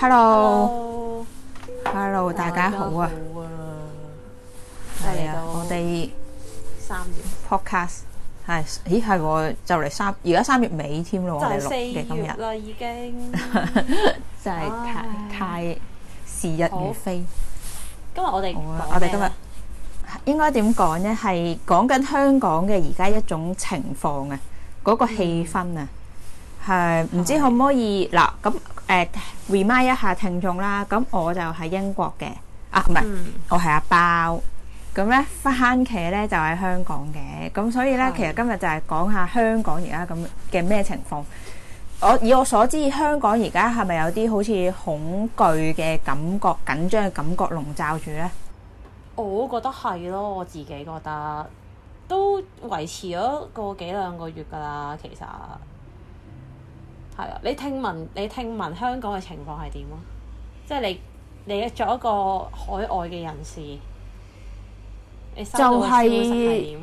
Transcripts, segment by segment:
Hello，Hello，大家好啊！係啊，我哋三月 Podcast 係咦係我就嚟，三而家三月尾添咯，我哋六月嘅今日啦已經，就係太太時日如飛。今日我哋我哋今日應該點講咧？係講緊香港嘅而家一種情況啊，嗰個氣氛啊，係唔知可唔可以嗱咁？誒 remind、呃、一下聽眾啦，咁我就喺英國嘅，啊唔係，我係阿包，咁咧返返屋企咧就喺、是、香港嘅，咁所以咧的其實今日就係講下香港而家咁嘅咩情況。我以我所知，香港而家係咪有啲好似恐懼嘅感覺、緊張嘅感覺籠罩住咧？我覺得係咯，我自己覺得都維持咗個幾兩個月㗎啦，其實。係啊，你聽聞你聽聞香港嘅情況係點啊？即係你你做一個海外嘅人士，就係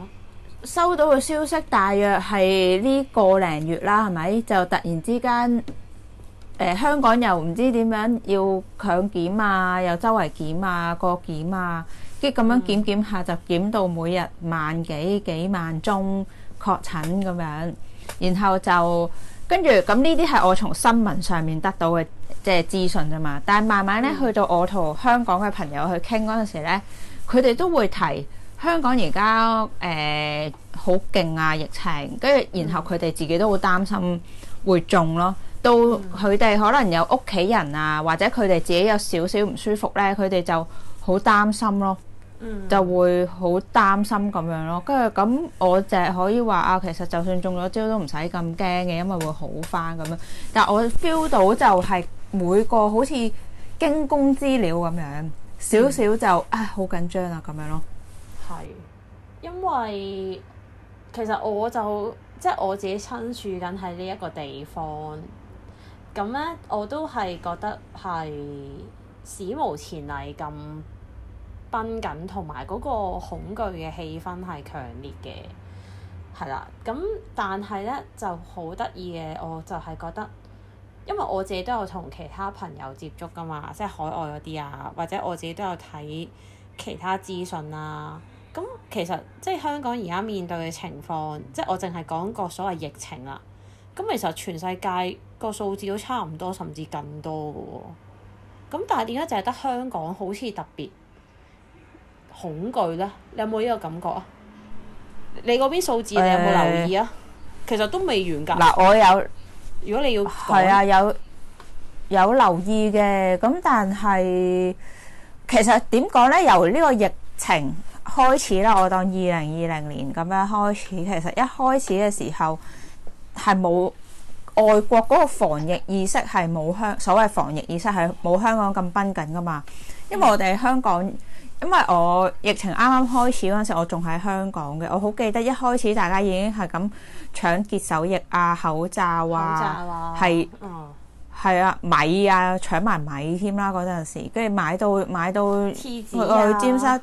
收到嘅消息，大約係呢個零月啦，係咪？就突然之間，誒香港又唔知點樣要強檢啊，又周圍檢啊、過檢啊，即咁樣檢檢下就檢到每日萬幾幾萬宗確診咁樣，然後就。跟住咁呢啲係我從新聞上面得到嘅即係資訊啫嘛，但係慢慢咧、嗯、去到我同香港嘅朋友去傾嗰陣時咧，佢哋都會提香港而家誒好勁啊，疫情，跟住然後佢哋自己都好擔心會中咯，到佢哋可能有屋企人啊，或者佢哋自己有少少唔舒服咧，佢哋就好擔心咯。Mm. 就會好擔心咁樣咯，跟住咁我淨係可以話啊，其實就算中咗招都唔使咁驚嘅，因為會好返咁樣。但係我 feel 到就係每個好似驚弓之鳥咁樣，少少就、mm. 啊好緊張啊咁樣咯。係，因為其實我就即係我自己身處緊喺呢一個地方，咁咧我都係覺得係史無前例咁崩緊，同埋嗰個恐懼嘅氣氛係強烈嘅，係啦。咁但係咧就好得意嘅，我就係覺得，因為我自己都有同其他朋友接觸㗎嘛，即係海外嗰啲啊，或者我自己都有睇其他資訊啦。咁其實即係香港而家面對嘅情況，即係我淨係講個所謂疫情啦。咁其實全世界個數字都差唔多，甚至更多嘅喎。咁但係點解淨係得香港好似特別恐懼咧，你有冇呢個感覺啊？你嗰邊數字你有冇留意啊？其實都未完㗎。嗱，我有。如果你要係啊，有有留意嘅。咁但係其實點講呢？由呢個疫情開始啦，我當二零二零年咁樣開始。其實一開始嘅時候係冇外國嗰個防疫意識係冇香所謂防疫意識係冇香港咁繃緊㗎嘛。因為我哋香港。因為我疫情啱啱開始嗰陣時，我，我仲喺香港嘅，我好記得一開始大家已經係咁搶潔手液啊、口罩啊，係、啊，係是、嗯、啊米啊搶埋米添啦嗰陣時，跟住買到買到去、啊啊、尖沙，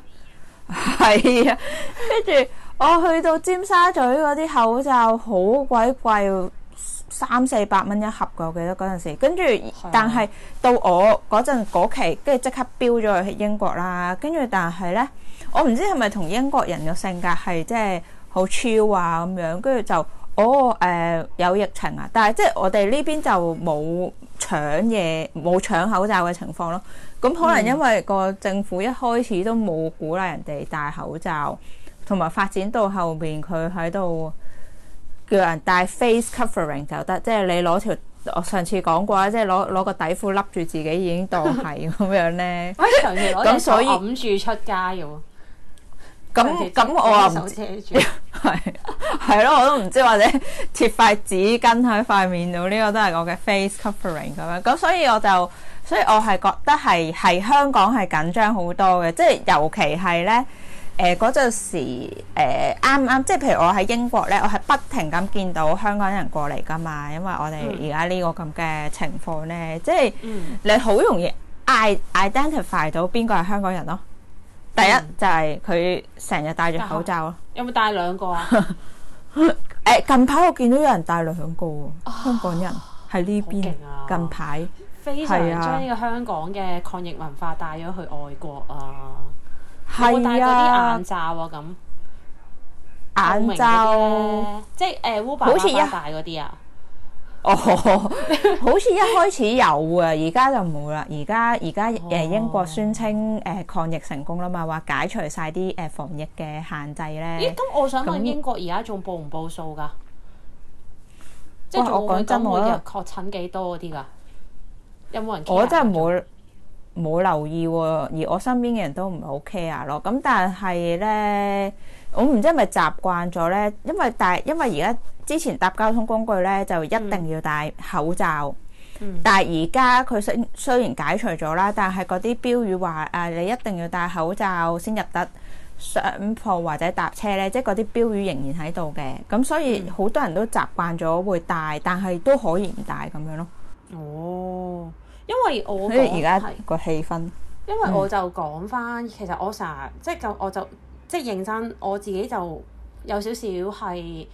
係啊，跟住我去到尖沙咀嗰啲口罩好鬼貴。三四百蚊一盒嘅，我記得嗰陣時。跟住，但係到我嗰陣嗰期，跟住即刻飆咗去英國啦。跟住，但係呢，我唔知係咪同英國人嘅性格係即係好超話咁樣。跟住就，哦誒、呃，有疫情啊！但係即係我哋呢邊就冇搶嘢，冇搶口罩嘅情況咯。咁可能因為個政府一開始都冇鼓勵人哋戴口罩，同埋、嗯、發展到後面，佢喺度。叫人戴 face covering 就得，即係你攞條我上次講過啦，即係攞攞個底褲笠住自己已經當係咁樣咧。咁 那所以咁我冚住出街嘅咁咁我啊唔遮住，係係咯，我都唔知或者貼塊紙巾喺塊面度，呢、這個都係我嘅 face covering 咁樣。咁所以我就，所以我係覺得係係香港係緊張好多嘅，即係尤其係咧。誒嗰陣時，誒啱啱即係譬如我喺英國呢，我係不停咁見到香港人過嚟噶嘛，因為我哋而家呢個咁嘅情況呢，嗯、即係你好容易 identify 到邊個係香港人咯。第一、嗯、就係佢成日戴住口罩咯、啊，有冇戴兩個啊？誒、 欸、近排我見到有人戴兩個、啊，香港人喺呢邊近，啊啊、近排來非常將呢個香港嘅抗疫文化帶咗去外國啊！係啊，眼罩啊，咁，眼罩，即係誒，好似一戴嗰啲啊。啊哦，好似一開始有啊，而家 就冇啦。而家而家誒，英國宣稱誒、呃、抗疫成功啦嘛，話解除晒啲誒防疫嘅限制咧。咦？咁我想問英國而家仲報唔報數噶？即係、呃、我講真，每日確診幾多啲噶？有冇人？我真係冇。冇留意喎，而我身邊嘅人都唔係好 care 咯。咁但係咧，我唔知係咪習慣咗咧，因為戴，因為而家之前搭交通工具咧就一定要戴口罩。嗯。但係而家佢雖雖然解除咗啦，但係嗰啲標語話誒、呃、你一定要戴口罩先入得上鋪或者搭車咧，即係嗰啲標語仍然喺度嘅。咁所以好多人都習慣咗會戴，但係都可以唔戴咁樣咯。哦。因為我，而家個氣氛。因為我就講返，嗯、其實我成日即係就我就即係認真，我自己就有少少係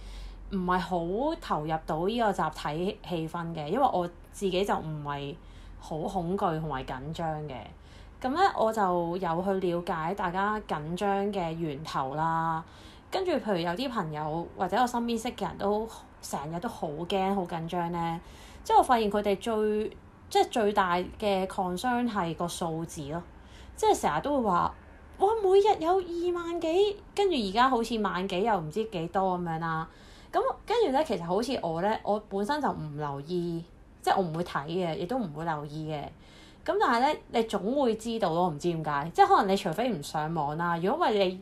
唔係好投入到呢個集體氣氛嘅，因為我自己就唔係好恐懼同埋緊張嘅。咁咧我就有去了解大家緊張嘅源頭啦。跟住譬如有啲朋友或者我身邊識嘅人都成日都好驚好緊張咧，即係我發現佢哋最，即係最大嘅 concern 係個數字咯，即係成日都會話，我每日有二萬幾，跟住而家好似萬幾又唔知幾多咁樣啦、啊。咁跟住咧，其實好似我咧，我本身就唔留意，即係我唔會睇嘅，亦都唔會留意嘅。咁但係咧，你總會知道咯，唔知點解，即係可能你除非唔上網啦，如果唔係你，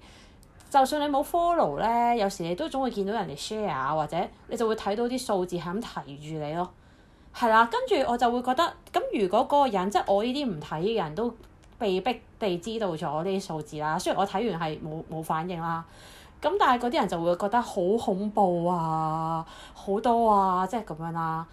就算你冇 follow 咧，有時你都總會見到人哋 share 或者你就會睇到啲數字係咁提住你咯。係啦，跟住我就會覺得，咁如果嗰個人即係、就是、我呢啲唔睇嘅人都被逼地知道咗呢啲數字啦，雖然我睇完係冇冇反應啦，咁但係嗰啲人就會覺得好恐怖啊，好多啊，即係咁樣啦、啊。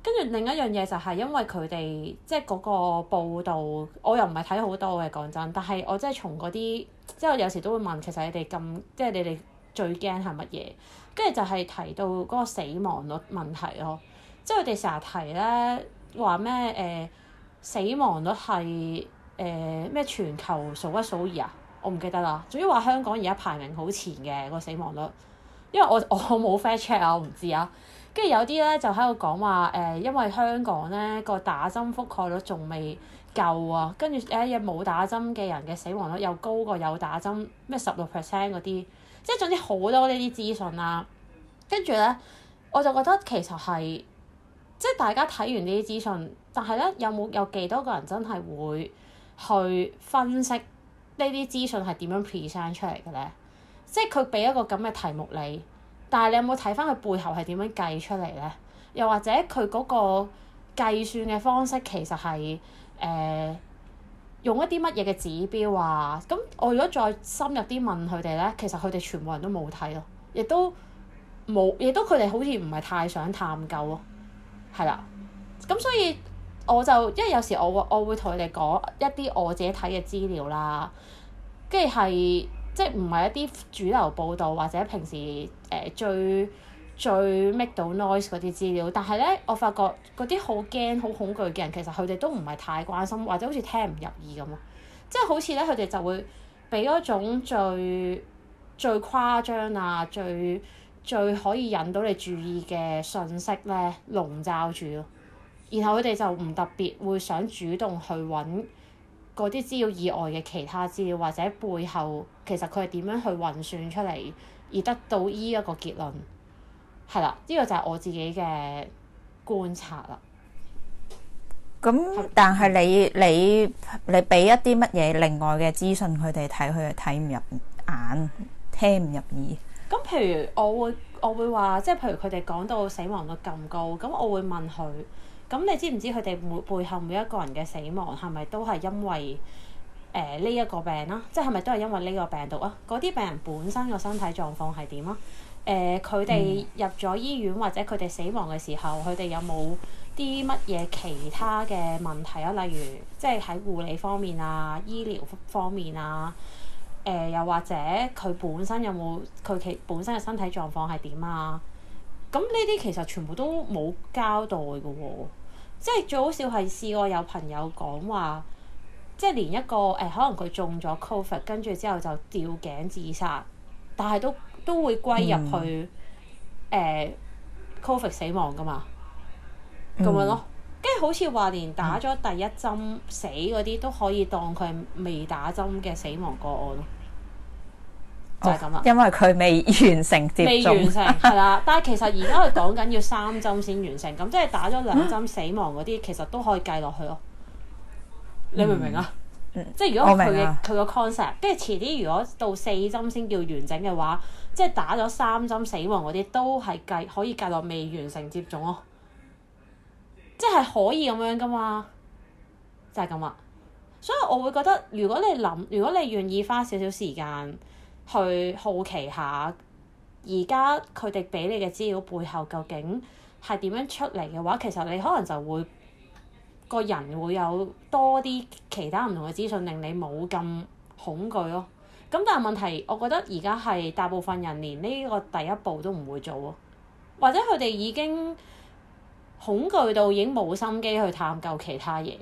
跟住另一樣嘢就係因為佢哋即係嗰個報導，我又唔係睇好多嘅講真，但係我真係從嗰啲，即係我有時都會問，其實你哋咁即係你哋最驚係乜嘢？跟住就係提到嗰個死亡率問題咯。即係佢哋成日提咧話咩誒死亡率係誒咩全球數一數二啊？我唔記得啦。總之話香港而家排名好前嘅個死亡率，因為我我冇 fair check 啊，我唔知啊。跟住有啲咧就喺度講話誒，因為香港咧個打針覆蓋率仲未夠啊，跟住誒冇打針嘅人嘅死亡率又高過有打針咩十六 percent 嗰啲，即係總之好多呢啲資訊啦、啊。跟住咧我就覺得其實係。即係大家睇完呢啲資訊，但係咧有冇有幾多個人真係會去分析呢啲資訊係點樣 present 出嚟嘅咧？即係佢俾一個咁嘅題目你，但係你有冇睇返佢背後係點樣計出嚟咧？又或者佢嗰個計算嘅方式其實係誒、呃、用一啲乜嘢嘅指標啊？咁我如果再深入啲問佢哋咧，其實佢哋全部人都冇睇咯，亦都冇，亦都佢哋好似唔係太想探究咯。係啦，咁所以我就因為有時我我會同佢哋講一啲我自己睇嘅資料啦，跟住係即係唔係一啲主流報道或者平時誒最最 make 到 noise 嗰啲資料，但係咧我發覺嗰啲好驚好恐懼嘅人，其實佢哋都唔係太關心，或者好似聽唔入耳咁咯，即係好似咧佢哋就會俾一種最最誇張啊最最可以引到你注意嘅信息咧，籠罩住咯。然後佢哋就唔特別會想主動去揾嗰啲資料以外嘅其他資料，或者背後其實佢係點樣去運算出嚟，而得到依一個結論，係啦，呢個就係我自己嘅觀察啦。咁，但係你你你俾一啲乜嘢另外嘅資訊，佢哋睇，佢哋睇唔入眼，聽唔入耳。咁譬如我會我會話，即係譬如佢哋講到死亡率咁高，咁我會問佢，咁你知唔知佢哋每背後每一個人嘅死亡係咪都係因為誒呢一個病啦、啊？即係咪都係因為呢個病毒啊？嗰啲病人本身個身體狀況係點啊？誒、呃，佢哋入咗醫院、嗯、或者佢哋死亡嘅時候，佢哋有冇啲乜嘢其他嘅問題啊？例如，即係喺護理方面啊，醫療方面啊。誒、呃、又或者佢本身有冇佢其本身嘅身體狀況係點啊？咁呢啲其實全部都冇交代嘅喎、哦，即係最好笑係試過有朋友講話，即係連一個誒、呃、可能佢中咗 Covid 跟住之後就吊頸自殺，但係都都會歸入去誒、嗯呃、Covid 死亡噶嘛，咁、嗯、樣咯。跟住好似話連打咗第一針死嗰啲、嗯、都可以當佢係未打針嘅死亡個案。就係咁啦，因為佢未完成接未完成係啦。 但係其實而家佢講緊要三針先完成，咁 即係打咗兩針死亡嗰啲， 其實都可以計落去咯。嗯、你明唔明啊？嗯、即係如果佢嘅佢個 concept，跟住遲啲如果到四針先叫完整嘅話，即係打咗三針死亡嗰啲都係計可以計落未完成接種咯。即係可以咁樣㗎嘛？就係咁啦。所以我會覺得，如果你諗，如果你願意花少少時間，去好奇下，而家佢哋俾你嘅資料背後究竟係點樣出嚟嘅話，其實你可能就會個人會有多啲其他唔同嘅資訊，令你冇咁恐懼咯。咁但係問題，我覺得而家係大部分人連呢個第一步都唔會做咯，或者佢哋已經恐懼到已經冇心機去探究其他嘢，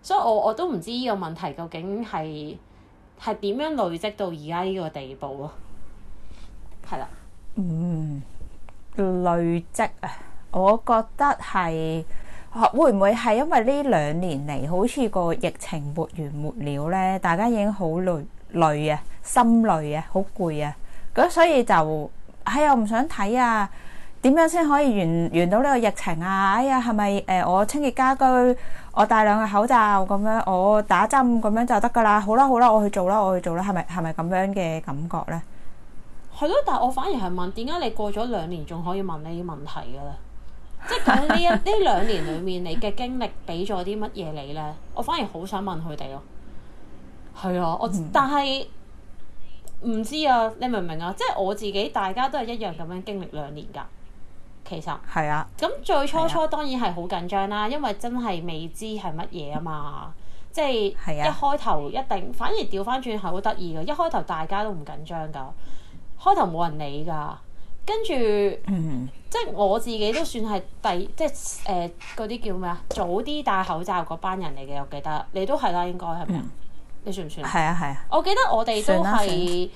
所以我我都唔知呢個問題究竟係係點樣累積到而家呢個地步咯？係啦，嗯，累積啊，我覺得係會唔會係因為呢兩年嚟好似個疫情沒完沒了咧，大家已經好累累啊，心累啊，好攰啊，咁所以就哎呀唔想睇啊。點樣先可以完完到呢個疫情啊？哎呀，係咪誒我清潔家居，我戴兩個口罩咁樣，我打針咁樣就得噶啦？好啦好啦，我去做啦，我去做啦，係咪係咪咁樣嘅感覺呢？係咯，但係我反而係問，點解你過咗兩年仲可以問呢啲問題噶啦？即係講呢一呢兩年裏面， 你嘅經歷俾咗啲乜嘢你呢？我反而好想問佢哋咯。係啊，我、嗯、但係唔知啊，你明唔明啊？即係我自己，大家都係一樣咁樣經歷兩年噶其實係啊，咁最初初當然係好緊張啦，啊、因為真係未知係乜嘢啊嘛，即、就、係、係、一開頭一定、啊、反而調翻轉係好得意嘅，一開頭大家都唔緊張噶，開頭冇人理㗎，跟住、嗯、即係我自己都算係第即係誒嗰啲叫咩啊？早啲戴口罩嗰班人嚟嘅，我記得你都係啦、嗯、啦，應該係咪？你算唔算啊？係啊係啊！我記得我哋都係。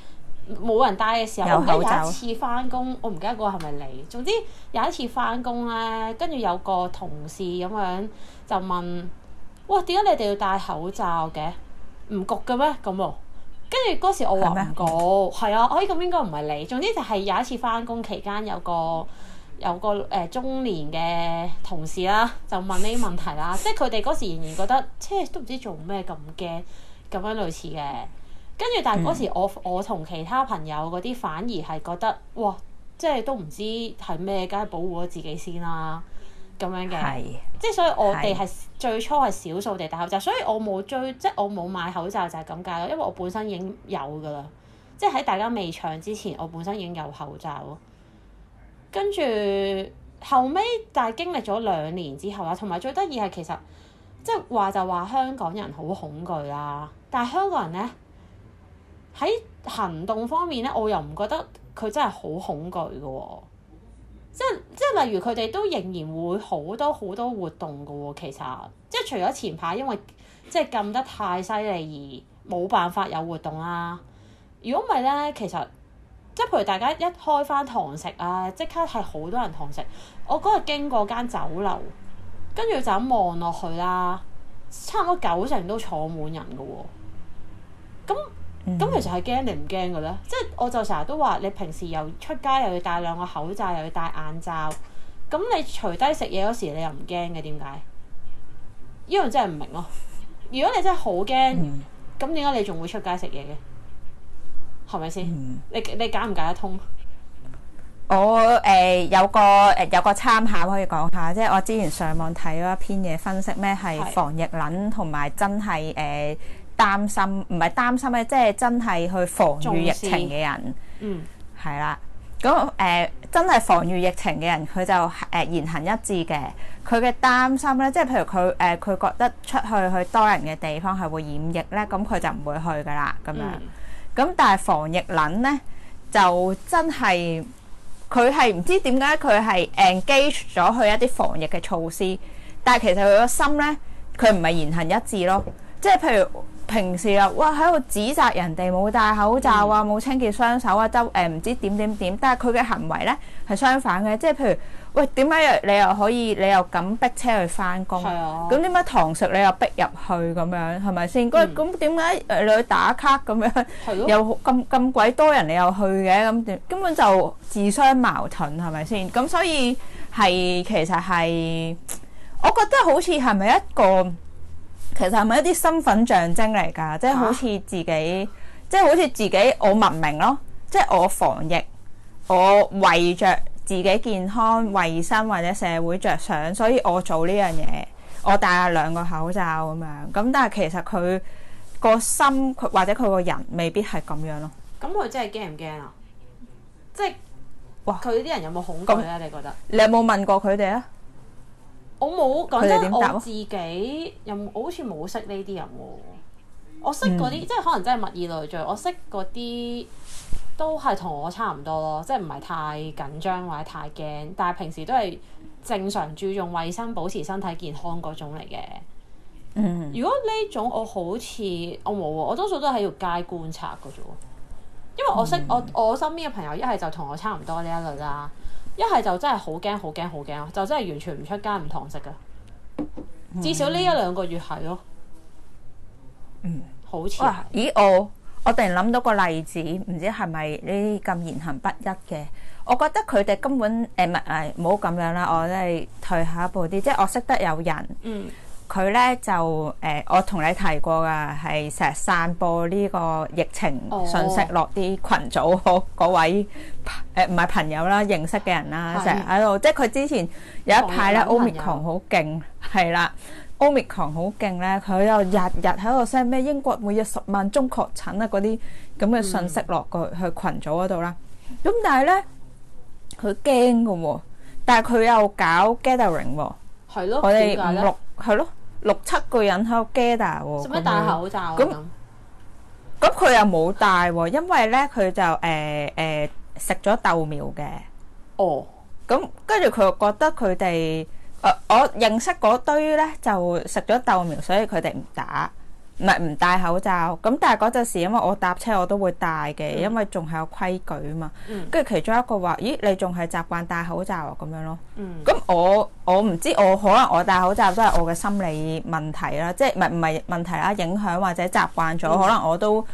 冇人戴嘅時候，有，有一次翻工，我唔記得嗰個係咪你。總之有一次翻工咧，跟住有個同事咁樣就問，哇，點解你哋要戴口罩嘅？唔焗嘅咩？咁喎。跟住嗰時我話唔焗，係啊，我咁嗎、啊哎、應該唔係你。總之就係有一次翻工期間有，有個有個誒中年嘅同事啦，就問呢啲問題啦。 即係佢哋嗰時仍然覺得，即係都唔知做咩咁驚，咁樣類似嘅。跟住，但係嗰時我我同其他朋友嗰啲，反而係覺得哇，即係都唔知係咩，梗係保護咗自己先啦。咁樣嘅，是即係所以我哋係是最初係少數地戴口罩，所以我冇追，即係我冇買口罩就係咁解咯。因為我本身已經有㗎啦，即係喺大家未搶之前，我本身已經有口罩咯。跟住後尾，但係經歷咗兩年之後啦，同埋最得意係其實即係話就話香港人好恐懼啦，但係香港人咧。喺行動方面咧，我又唔覺得佢真係好恐懼嘅喎、哦，即係即係例如佢哋都仍然會好多好多活動嘅喎、哦。其實即係除咗前排因為即係禁得太犀利而冇辦法有活動啦、啊。如果唔係咧，其實即係譬如大家一開返堂食啊，即刻係好多人堂食。我嗰日經過間酒樓，跟住就咁望落去啦，差唔多九成都坐滿人嘅喎、哦，咁。咁、嗯、其實係驚定唔驚嘅咧？即係我就成日都話你平時又出街又要戴兩個口罩，又要戴眼罩。咁你除低食嘢嗰時，你又唔驚嘅？點解？呢樣真係唔明咯。如果你真係好驚，咁點解你仲會出街食嘢嘅？係咪先？你你解唔解得通？我誒、呃、有個誒、呃、有個參考可以講下，即係我之前上網睇咗一篇嘢分析咩係防疫撚同埋真係誒。呃擔心唔係擔心咧，即係真係去防禦疫情嘅人，嗯，係啦。咁誒、呃，真係防禦疫情嘅人，佢就誒、呃、言行一致嘅。佢嘅擔心咧，即係譬如佢誒，佢、呃、覺得出去去多人嘅地方係會染疫咧，咁佢就唔會去噶啦。咁樣咁，嗯、但係防疫撚咧，就真係佢係唔知點解佢係 engage 咗佢一啲防疫嘅措施，但係其實佢個心咧，佢唔係言行一致咯。即係譬如。平時啊，哇喺度指責人哋冇戴口罩啊，冇清潔雙手啊，周誒唔知點點點，但係佢嘅行為咧係相反嘅，即係譬如，喂，點解你又可以你又咁逼車去翻工？咁點解堂食你又逼入去咁樣係咪先？咁咁點解你去打卡咁樣又咁咁鬼多人你又去嘅。咁根本就自相矛盾係咪先？咁所以係其實係我覺得好似係咪一個？其實係咪一啲身份象徵嚟㗎？即係好似自己，啊、即係好似自己，我文明咯，即係我防疫，我為着自己健康、衞生或者社會着想，所以我做呢樣嘢，我戴兩個口罩咁樣。咁但係其實佢個心，或者佢個人未必係咁樣咯。咁佢真係驚唔驚啊？即係哇！佢啲人有冇恐懼咧？那你覺得你有冇問過佢哋啊？我冇講他們 真，我自己又好似冇識呢啲人喎。我識嗰啲，嗯、即係可能真係物以類聚。我識嗰啲都係同我差唔多咯，即係唔係太緊張或者太驚，但係平時都係正常注重衞生、保持身體健康嗰種嚟嘅。嗯、如果呢種我好似我冇喎，我，我多數都係喺條街觀察嘅啫。因為我識我、嗯、我，我身邊嘅朋友，一係就同我差唔多呢一類啦。一係就真係好驚好驚好驚，就真係完全唔出街唔堂食噶，至少呢一兩個月係咯、哦。嗯，好似咦，我我突然諗到個例子，唔知係咪呢啲咁言行不一嘅？我覺得佢哋根本誒唔係冇咁樣啦，我真係退下一步啲，即係我識得有人嗯。佢咧就誒、呃，我同你提過㗎，係成日散播呢個疫情信息落啲、哦、群組嗰位誒，唔、呃、係朋友啦，認識嘅人啦，成日喺度，嗎即係佢之前有一派咧，Omicron 好勁係啦，Omicron 好勁咧，佢又日日喺度 send 咩英國每日十萬宗確診啊，嗰啲咁嘅信息落去去羣組嗰度啦。咁但係咧，佢驚㗎喎，但係佢又搞 gathering 喎，了我哋五六係咯。六七個人喺度 gather 喎，使乜戴口罩啊？咁咁佢又冇戴喎， 因為咧佢就誒誒、呃呃、食咗豆苗嘅。哦，咁跟住佢又覺得佢哋，誒、呃、我認識嗰堆咧就食咗豆苗，所以佢哋唔打。唔係唔戴口罩，咁但係嗰陣時，因為我搭車我都會戴嘅，嗯、因為仲係有規矩啊嘛。跟住、嗯、其中一個話，咦，你仲係習慣戴口罩啊？咁樣咯。咁、嗯、我我唔知，我，知我可能我戴口罩都係我嘅心理問題啦，即係唔係唔係問題啦，影響或者習慣咗，嗯、可能我都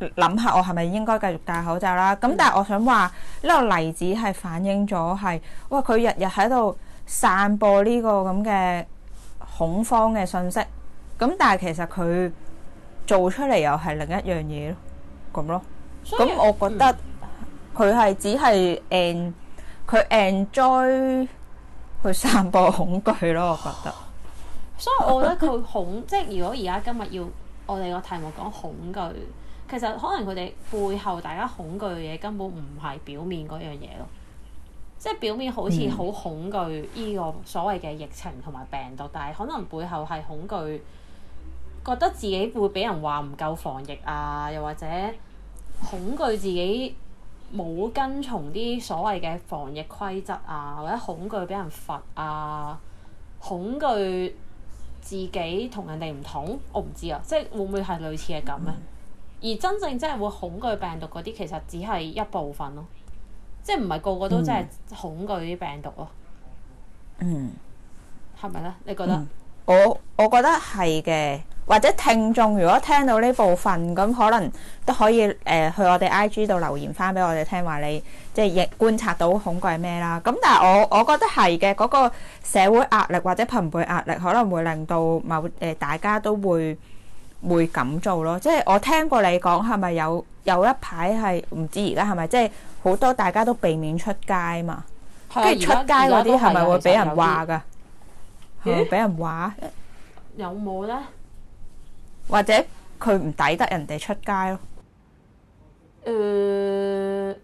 諗下我係咪應該繼續戴口罩啦。咁但係我想話呢、嗯、個例子係反映咗係，哇，佢日日喺度散播呢個咁嘅恐慌嘅信息。咁但係其實佢。做出嚟又係另一樣嘢咯，咁咯所以，咁我覺得佢係、嗯、只係誒，佢 enjoy en 去散播恐懼咯，我覺得。哦、所以我覺得佢恐， 即係如果而家今日要我哋個題目講恐懼，其實可能佢哋背後大家恐懼嘅嘢根本唔係表面嗰樣嘢咯。即係表面好似好恐懼呢個所謂嘅疫情同埋病毒，嗯、但係可能背後係恐懼。覺得自己會俾人話唔夠防疫啊，又或者恐懼自己冇跟從啲所謂嘅防疫規則啊，或者恐懼俾人罰啊，恐懼自己同人哋唔同，我唔知啊，即係會唔會係類似嘅咁呢？嗯、而真正真係會恐懼病毒嗰啲，其實只係一部分咯、啊，即係唔係個個都真係恐懼啲病毒咯、啊？嗯，係咪呢？你覺得？嗯、我我覺得係嘅。或者聽眾如果聽到呢部分咁，可能都可以誒、呃、去我哋 I G 度留言翻俾我哋聽，話你即係亦觀察到恐懼咩啦？咁但係我我覺得係嘅嗰個社會壓力或者朋輩壓力可能會令到某誒、呃、大家都會會咁做咯。即係我聽過你講係咪有有一排係唔知而家係咪？即係好多大家都避免出街嘛，跟住、啊、出街嗰啲係咪會俾人話噶？嚇、欸！俾人話有冇咧？或者佢唔抵得人哋出街咯。誒、呃，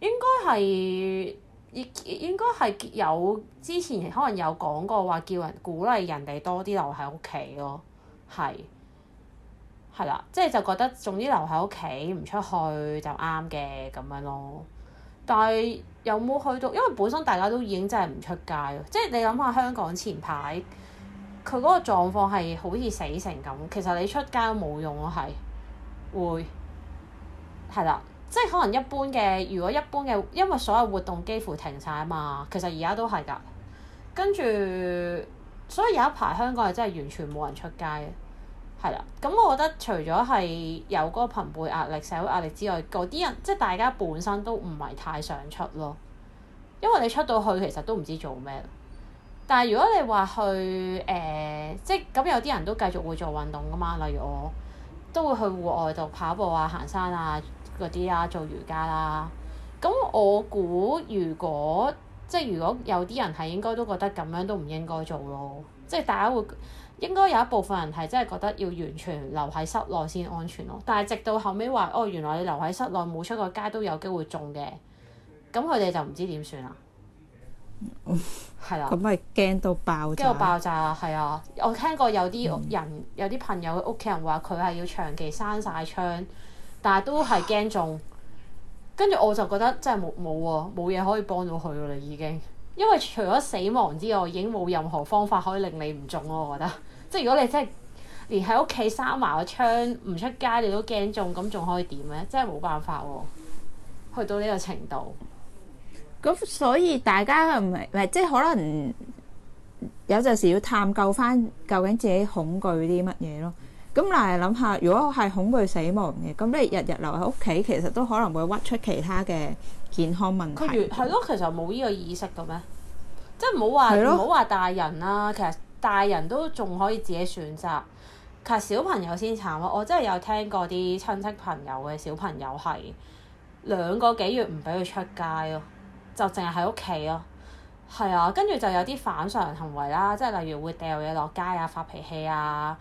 應該係應應該係有之前可能有講過話叫人鼓勵人哋多啲留喺屋企咯，係係啦，即係就覺得總之留喺屋企唔出去就啱嘅咁樣咯。但係有冇去到？因為本身大家都已經真係唔出街咯，即係你諗下香港前排。佢嗰個狀況係好似死成咁，其實你出街都冇用咯，係會係啦，即係可能一般嘅，如果一般嘅，因為所有活動幾乎停晒啊嘛，其實而家都係㗎。跟住，所以有一排香港係真係完全冇人出街，係啦。咁我覺得除咗係有嗰個朋輩壓力、社會壓力之外，嗰啲人即係大家本身都唔係太想出咯，因為你出到去其實都唔知做咩。但係如果你話去誒、呃，即係咁有啲人都繼續會做運動噶嘛，例如我都會去戶外度跑步啊、行山啊嗰啲啊、做瑜伽啦、啊。咁我估如果即係如果有啲人係應該都覺得咁樣都唔應該做咯，即係大家會應該有一部分人係真係覺得要完全留喺室內先安全咯。但係直到後尾話哦，原來你留喺室內冇出過街都有機會中嘅，咁佢哋就唔知點算啦。係啦，咁咪驚到爆炸，驚到爆炸啊！係啊，我聽過有啲人，嗯、有啲朋友屋企人話佢係要長期閂晒窗，但係都係驚中。跟住唉我就覺得真係冇冇喎，冇嘢可以幫到佢噶啦已經，因為除咗死亡之外，已經冇任何方法可以令你唔中咯、啊。我覺得， 即係如果你真係連喺屋企閂埋個窗，唔出街你都驚中，咁仲可以點呢？真係冇辦法喎、啊，去到呢個程度。咁所以大家係唔係，即係可能有陣時要探究翻究竟自己恐懼啲乜嘢咯。咁嗱，諗下，如果係恐懼死亡嘅，咁你日日留喺屋企，其實都可能會屈出其他嘅健康問題。係咯，其實冇呢個意識嘅咩？即係唔好話唔好話大人啦，其實大人都仲可以自己選擇，其實小朋友先慘咯。我真係有聽過啲親戚朋友嘅小朋友係兩個幾月唔俾佢出街咯。就淨係喺屋企咯，係啊，跟住就有啲反常行為啦，即係例如會掉嘢落街啊、發脾氣啊、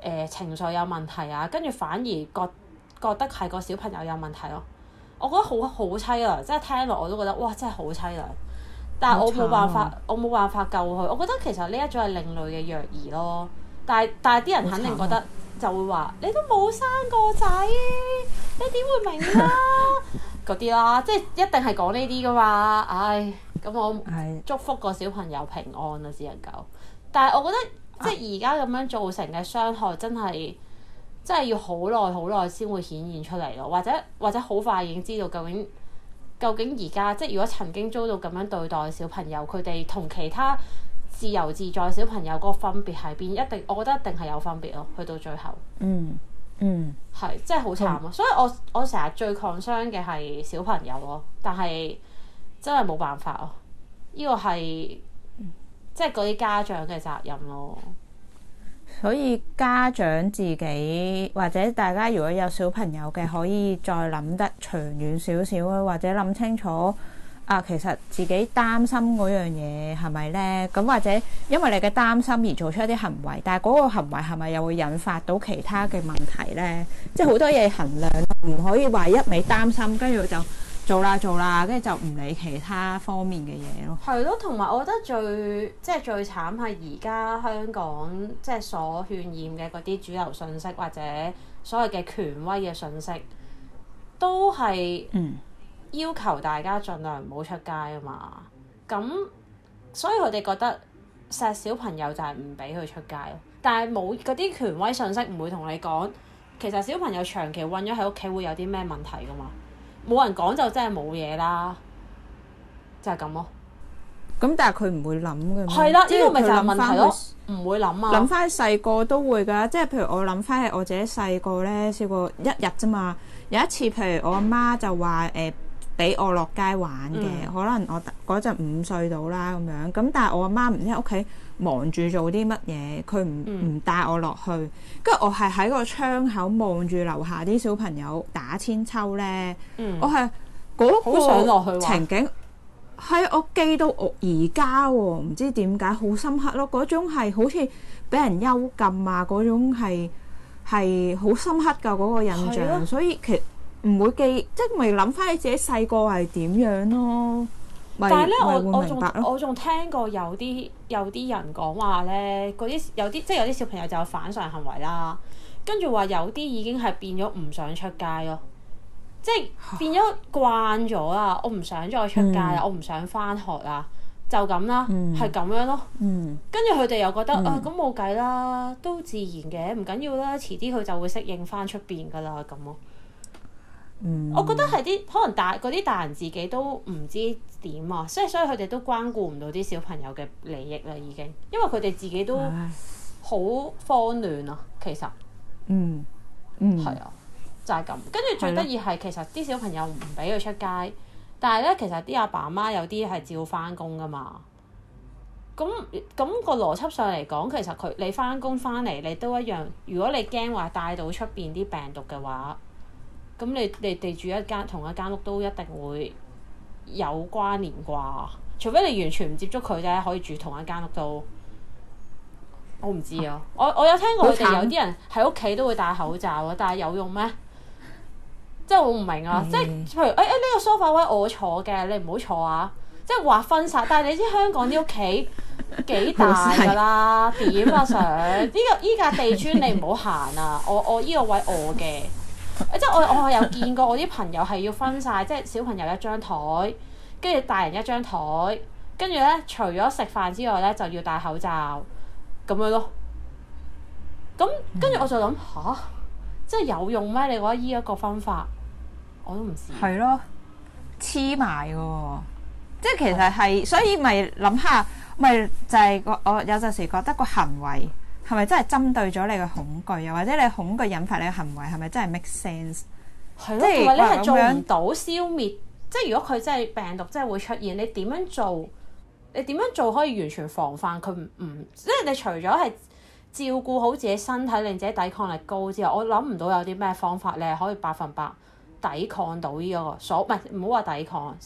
誒、呃、情緒有問題啊，跟住反而覺得覺得係個小朋友有問題咯，啊。我覺得好好淒涼，即係聽落我都覺得哇，真係好凄涼。但係我冇辦、啊、辦法，我冇辦法救佢。我覺得其實呢一種係另類嘅虐兒咯。但係但係啲人肯定覺得，啊、就會話：你都冇生過仔，你點會明啊？ 嗰啲啦，即係一定係講呢啲㗎嘛，唉，咁我祝福個小朋友平安啊，只能夠。但係我覺得，即係而家咁樣造成嘅傷害真，唉真係真係要好耐好耐先會顯現出嚟咯，或者或者好快已經知道究竟究竟而家，即係如果曾經遭到咁樣對待小朋友，佢哋同其他自由自在小朋友嗰個分別喺邊？一定，我覺得一定係有分別咯，去到最後。嗯。嗯，係，即係好慘啊！嗯、所以我我成日最抗傷嘅係小朋友咯、啊，但係真係冇辦法啊！呢、呢個係即係嗰啲家長嘅責任咯、啊。所以家長自己或者大家如果有小朋友嘅，可以再諗得長遠少少啊，或者諗清楚。啊，其實自己擔心嗰樣嘢係咪呢？咁或者因為你嘅擔心而做出一啲行為，但係嗰個行為係咪又會引發到其他嘅問題呢？即係好多嘢衡量，唔可以話一味擔心，跟住就做啦做啦，跟住就唔理其他方面嘅嘢咯。係咯，同埋我覺得最即係最慘係而家香港即係、就是、所渲染嘅嗰啲主流信息或者所謂嘅權威嘅信息，都係嗯。要求大家儘量唔好出街啊嘛，咁所以佢哋覺得錫小朋友就係唔俾佢出街咯，但係冇嗰啲權威信息唔會同你講，其實小朋友長期困咗喺屋企會有啲咩問題噶嘛，冇人講就真係冇嘢啦，就係咁咯。咁但係佢唔會諗嘅，係啦，呢個咪就係問題咯，唔會諗啊。諗翻細個都會噶，即係譬如我諗翻係我自己細個咧，試過一日啫嘛。有一次，譬如我阿媽就話誒。呃俾我落街玩嘅，嗯、可能我嗰陣五歲到啦咁樣，咁但係我阿媽唔知喺屋企忙住做啲乜嘢，佢唔唔帶我落去，跟住我係喺個窗口望住樓下啲小朋友打千秋咧，嗯、我係嗰個情景喺、啊、我記到我而家喎，唔知點解好深刻咯，嗰種係好似俾人幽禁啊嗰種係好深刻噶嗰、嗰個印象，的所以其實。唔會記，即係咪諗翻自己細個係點樣咯？但係呢咧，我我仲我仲聽過有啲有啲人講話咧，嗰啲有啲即係有啲小朋友就有反常行為啦。跟住話有啲已經係變咗唔想出街咯， 即係變咗慣咗啦！我唔想再出街，嗯、啦，我唔想翻學啦，就咁啦，係咁樣咯。跟住佢哋又覺得，嗯、啊，咁冇計啦，都自然嘅，唔緊要啦，遲啲佢就會適應翻出邊噶啦，咁咯。嗯、我覺得係啲可能大嗰啲大人自己都唔知點啊，所以所以佢哋都關顧唔到啲小朋友嘅利益啦，已經，因為佢哋自己都好慌亂啊。其實，嗯，係、嗯、啊，就係、係、咁。跟住最得意係其實啲小朋友唔俾佢出街，但係咧其實啲阿爸媽有啲係照翻工噶嘛。咁咁、咁個邏輯上嚟講，其實佢你翻工翻嚟你都一樣。如果你驚話帶到出邊啲病毒嘅話。咁、嗯、你你哋住一間同一間屋都一定會有關聯啩？除非你完全唔接觸佢啫，可以住同一間屋都。我唔知啊，我我有聽過佢哋有啲人喺屋企都會戴口罩啊，慘但係有用咩？真係好唔明啊！嗯、即係譬如誒誒呢個梳化位我坐嘅，你唔好坐啊！即係劃分晒，但係你知香港啲屋企幾大㗎啦？點 惜啊想呢、呢個依架地磚你唔好行啊！我我依、呢個位我嘅。 即係我我有見過我啲朋友係要分晒， 即係小朋友一張台，跟住大人一張台，跟住咧除咗食飯之外咧就要戴口罩咁樣咯。咁跟住我就諗吓，即係有用咩？你覺得依一個分法，我都唔知。係咯，黐埋嘅，即係其實係，所以咪諗下，咪就係個我有陣時覺得個行為。係咪真係針對咗你嘅恐懼，又或者你恐懼引發你嘅行為係咪真係 make sense？係咯，同埋你係做唔到消滅。呃、即係如果佢真係病毒真係會出現，你點樣做？你點樣做可以完全防範佢唔？即係你除咗係照顧好自己身體，令自己抵抗力高之外，我諗唔到有啲咩方法，你可以百分百抵抗到依、呢個，所、唔係唔好話抵抗，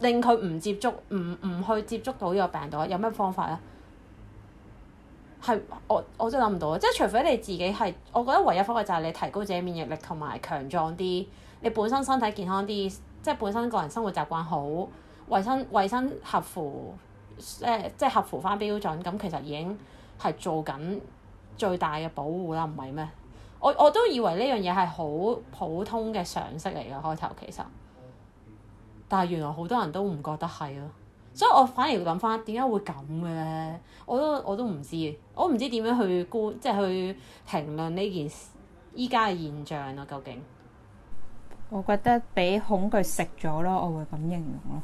令佢唔接觸，唔唔去接觸到呢個病毒。有咩方法啊？係我我真係諗唔到即係除非你自己係，我覺得唯一方法就係你提高自己免疫力同埋強壯啲，你本身身體健康啲，即係本身個人生活習慣好，衞生衞生合乎、呃、即係即係合乎返標準，咁其實已經係做緊最大嘅保護啦，唔係咩？我我都以為呢樣嘢係好普通嘅常識嚟嘅開頭，其實，但係原來好多人都唔覺得係咯。所以我反而會諗翻點解會咁嘅咧？我都我都唔知，我唔知點樣去觀，即係去評論呢件事依家嘅現象咯，啊，究竟，我覺得俾恐懼食咗咯，我會咁形容咯，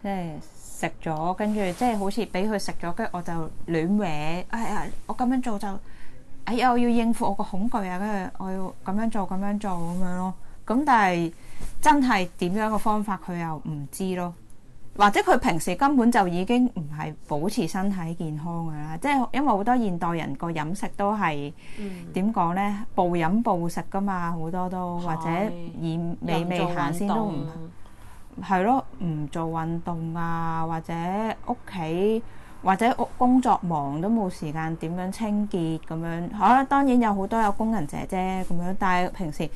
即係食咗跟住，即係好似俾佢食咗，跟住我就亂搲。哎啊，我咁樣做就，哎呀，我要應付我個恐懼啊，跟住我要咁樣做咁樣做咁樣，樣咯，咁但係真係點樣個方法佢又唔知咯。或者佢平時根本就已經唔係保持身體健康噶啦，即係因為好多現代人個飲食都係點講呢？暴飲暴食噶嘛，好多都或者以美味行先都唔係咯，唔、嗯、做，做運動啊，或者屋企或者屋工作忙都冇時間點樣清潔咁樣。嚇，當然有好多有工人姐姐咁樣，但係平時。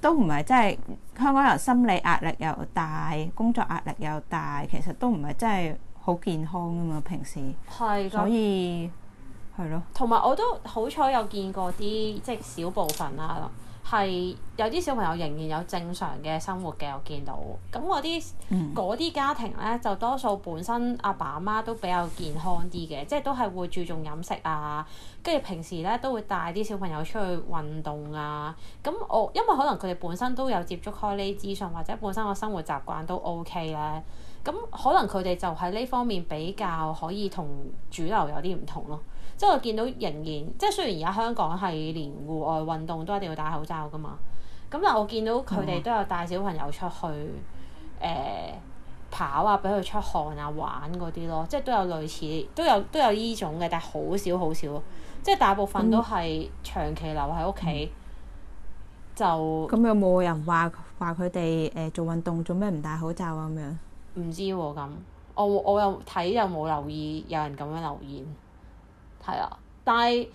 都唔係真係香港人心理壓力又大，工作壓力又大，其實都唔係真係好健康㗎嘛！平時，係囉，所以係咯。同埋我都好彩有見過啲即係小部分啦、啊。係有啲小朋友仍然有正常嘅生活嘅，我見到。咁我啲嗰啲家庭咧，就多數本身阿爸阿媽都比較健康啲嘅，即係都係會注重飲食啊，跟住平時咧都會帶啲小朋友出去運動啊。咁我因為可能佢哋本身都有接觸開呢啲資訊，或者本身個生活習慣都 OK 咧。咁可能佢哋就喺呢方面比較可以同主流有啲唔同咯。即係我見到仍然，即係雖然而家香港係連戶外運動都一定要戴口罩㗎嘛。咁但我見到佢哋都有帶小朋友出去誒、嗯呃、跑啊，俾佢出汗啊，玩嗰啲咯。即係都有類似，都有都有呢種嘅，但係好少好少。即係大部分都係長期留喺屋企就。咁有冇人話話佢哋誒做運動做咩唔戴口罩啊？咁樣，唔知喎，咁我我又睇又冇留意有人咁樣留言。係啊，但係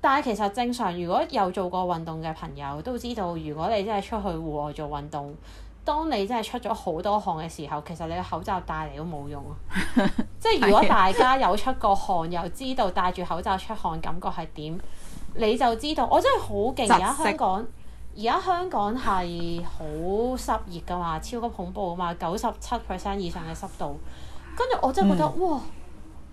但係，其實正常。如果有做過運動嘅朋友都知道，如果你真係出去戶外做運動，當你真係出咗好多汗嘅時候，其實你嘅口罩戴嚟都冇用啊。 即係如果大家有出過汗， 又知道戴住口罩出汗感覺係點，你就知道我真係好勁。而家香港而家香港係好濕熱㗎嘛，超級恐怖啊嘛，九十七 percent 以上嘅濕度，跟住我真係覺得、嗯、哇～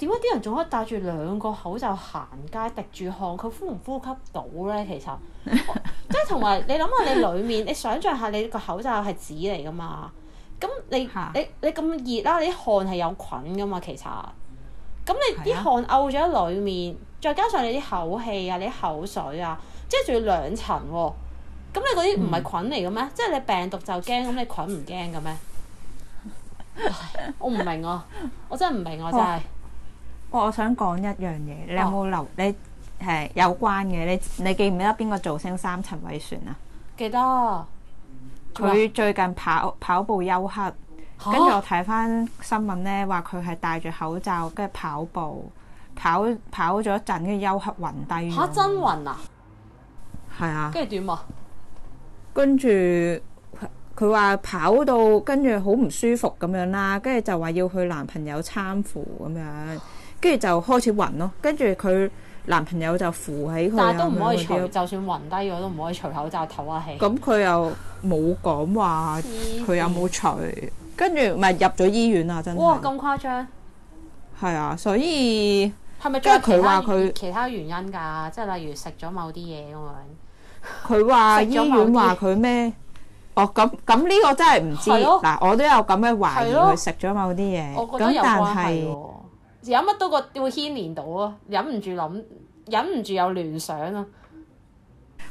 點解啲人仲可以戴住兩個口罩行街，滴住汗，佢呼唔呼吸到咧？其實即係同埋你諗下，你裡面你想象下你你，你個口罩係紙嚟噶嘛？咁你你你咁熱啦，你啲、啊、汗係有菌噶嘛？其實咁你啲汗溝咗喺裡面，再加上你啲口氣啊，你口水啊，即係仲要兩層喎、啊。咁你嗰啲唔係菌嚟嘅咩？即係、嗯、你病毒就驚，咁你菌唔驚嘅咩？我唔明啊！我真係唔明啊！真係。哦、我想講一樣嘢，你有冇留、哦、你係有關嘅？你你記唔記得邊個造星三層位船啊？記得佢最近跑跑步休克，啊、跟住我睇返新聞咧，話佢係戴住口罩跟住跑步跑跑咗一陣，跟住休克暈低。嚇、啊！真暈啊？係啊。跟住點啊？跟住佢佢話跑到跟住好唔舒服咁樣啦，跟住就話要去男朋友攙扶咁樣。跟住就開始暈咯，跟住佢男朋友就扶起佢。但係都唔可以除，就算暈低咗都唔可以除口罩唞下氣。咁佢又冇講話佢有冇除，跟住咪入咗醫院啊！真係。哇，咁誇張？係啊，所以係咪即係佢話佢其他原因㗎？即係例如食咗某啲嘢咁樣。佢話醫院話佢咩？哦，咁咁呢個真係唔知嗱，我都有咁嘅懷疑佢食咗某啲嘢。咁但係。有乜都個會牽連到啊！忍唔住諗，忍唔住有聯想啊！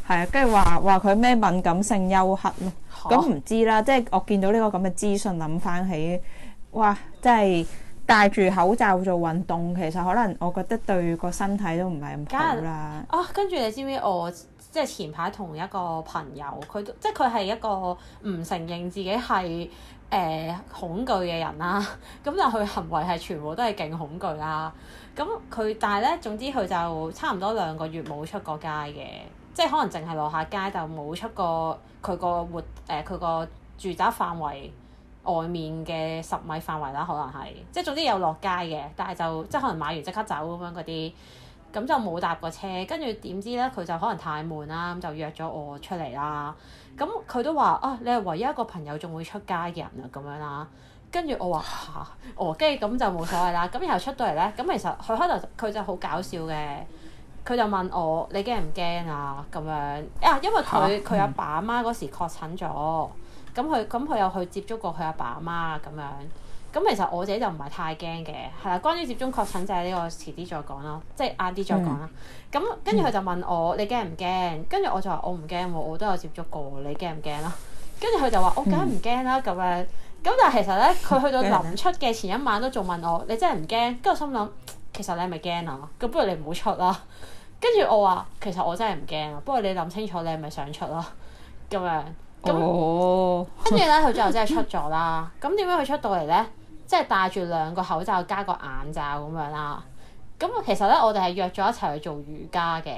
係啊，跟住話話佢咩敏感性休克，咯、啊，咁唔知啦。即係我見到呢個咁嘅資訊，諗翻起，哇！即係戴住口罩做運動，其實可能我覺得對個身體都唔係咁好啦。啊！跟住你知唔知我即係前排同一個朋友，佢都即係佢係一個唔承認自己係誒、呃、恐懼嘅人啦、啊，咁 但佢行為係全部都係勁恐懼啦、啊。咁佢但係咧，總之佢就差唔多兩個月冇出過街嘅，即係可能淨係落下街就冇出過佢個活誒佢個住宅範圍外面嘅十米範圍啦，可能係即係總之有落街嘅，但係就即係可能買完即刻走咁樣嗰啲，咁就冇搭過車，跟住點知咧，佢就可能太悶啦，咁就約咗我出嚟啦。咁佢都話啊，你係唯一一個朋友仲會出街嘅人啊，咁樣啦。跟住我話哦，跟住咁就冇所謂啦。咁然後出到嚟咧，咁其實佢可能佢就好搞笑嘅。佢就問我：你驚唔驚啊？咁樣啊，因為佢佢阿爸阿媽嗰時確診咗，咁佢咁佢有去接觸過佢阿爸阿媽咁樣。咁其實我自己就唔係太驚嘅，係啦。關於接觸確診者呢個，遲啲再講咯，即係晏啲再講啦。咁、嗯、跟住佢就問我：嗯、你驚唔驚？跟住我就話：我唔驚喎，我都有接觸過。你驚唔驚啦？跟住佢就話：我梗係唔驚啦。咁樣咁，但係其實咧，佢去到臨出嘅前一晚都仲問我：你真係唔驚？跟住我心諗：其實你係咪驚啊？咁不如你唔好出啦。跟住我話：其實我真係唔驚啊，不過你諗清楚你係咪想出咯？咁樣咁。跟住咧，佢最後真係出咗啦。咁點解佢出到嚟咧？即係戴住兩個口罩加個眼罩咁樣啦、啊，咁其實咧我哋係約咗一齊去做瑜伽嘅，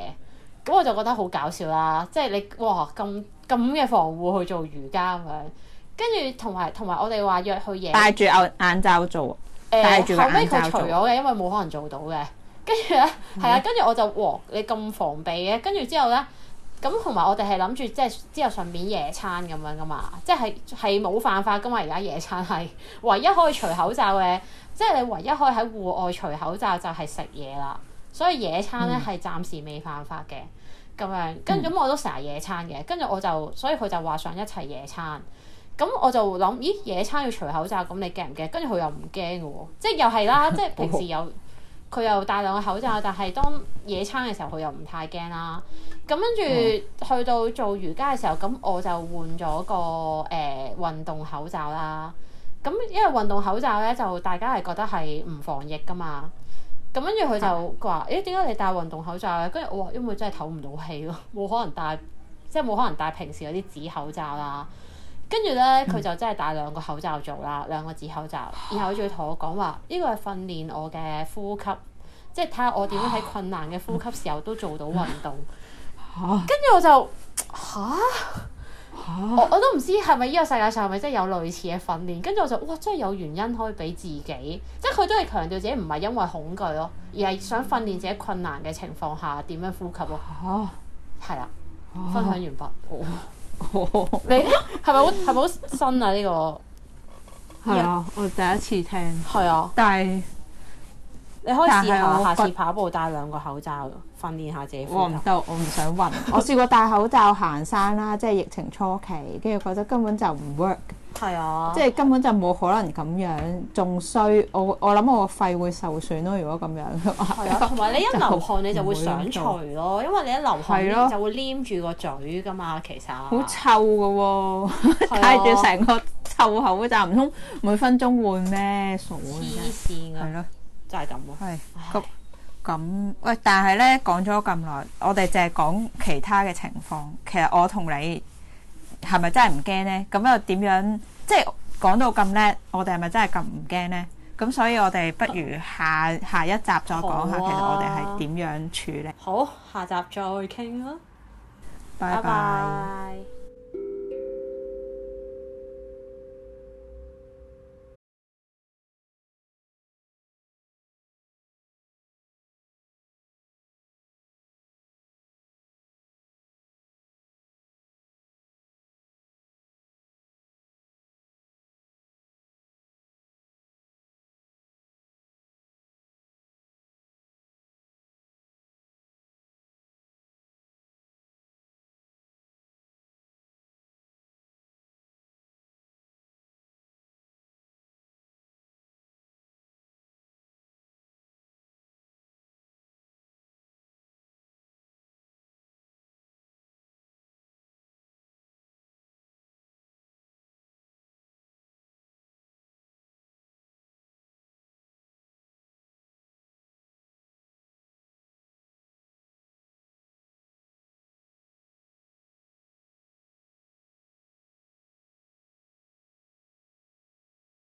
咁我就覺得好搞笑啦！即係你哇咁咁嘅防護去做瑜伽咁樣，跟住同埋同埋我哋話約去夜戴住眼罩做，戴住個眼罩做。呃、後尾佢除咗嘅，因為冇可能做到嘅。跟住咧，係、嗯、啊，跟住我就哇你咁防備嘅、啊，跟住之後咧。咁同埋我哋係諗住即係之後順便野餐咁樣㗎嘛，即係係冇犯法㗎嘛，而家野餐係唯一可以除口罩嘅，即係你唯一可以喺戶外除口罩就係食嘢啦，所以野餐呢係暫時未犯法嘅咁樣。跟住咁我都成日野餐嘅，跟住我就所以佢就話想一齊野餐，咁我就諗，咦，野餐要除口罩？咁你驚唔驚？跟住佢又唔驚嘅喎，即係又係啦，即係平時有。 好好佢又戴兩個口罩，但係當野餐嘅時候佢又唔太驚啦。咁跟住去到做瑜伽嘅時候，咁我就換咗個誒運動口罩啦。咁因為運動口罩咧就大家係覺得係唔防疫噶嘛。咁跟住佢就話：誒點解你戴運動口罩咧？跟住我話：因為真係唞唔到氣咯，冇可能戴，即係冇可能戴平時嗰啲紙口罩啦。跟住咧，佢就真係戴兩個口罩做啦，兩個紙口罩。然後佢仲要同我講話：呢個係訓練我嘅呼吸，即係睇下我點樣喺困難嘅呼吸時候都做到運動。跟住我就吓，我都唔知係咪呢個世界上係咪真係有類似嘅訓練。跟住我就哇，真係有原因可以俾自己，即係佢都係強調自己唔係因為恐懼咯，而係想訓練自己困難嘅情況下點樣呼吸咯。嚇，係啦，分享完畢。哦。 你係咪好係咪好新啊？呢個係啊，我第一次聽。係 啊，但係是你可以試下下次跑步戴兩個口罩 訓練下自己，哦。我唔得，我唔想暈。我試過戴口罩行山啦、啊，即、就、係、是、疫情初期，跟住覺得根本就唔 work。係啊，即係根本就冇可能咁樣，仲衰。我我諗我個肺會受損咯。如果咁樣嘅話，同埋你一流汗你就會想除咯，因為你一流汗你、啊、就會黏住個嘴噶嘛。其實好臭嘅喎、哦，戴住成個臭口都炸唔通，每分鐘換咩水？黐線嘅，係咯、啊，就係咁喎。係咁、啊，喂唉唉！但係咧講咗咁耐，我哋淨係講其他嘅情況。其實我同你。係咪真係唔驚呢？咁又點樣？即係講到咁叻，我哋係咪真係咁唔驚呢？咁所以我哋不如下 下一集再講下，其實我哋係點樣處理？好，啊，好，下集再傾啦。拜拜 bye。Bye bye。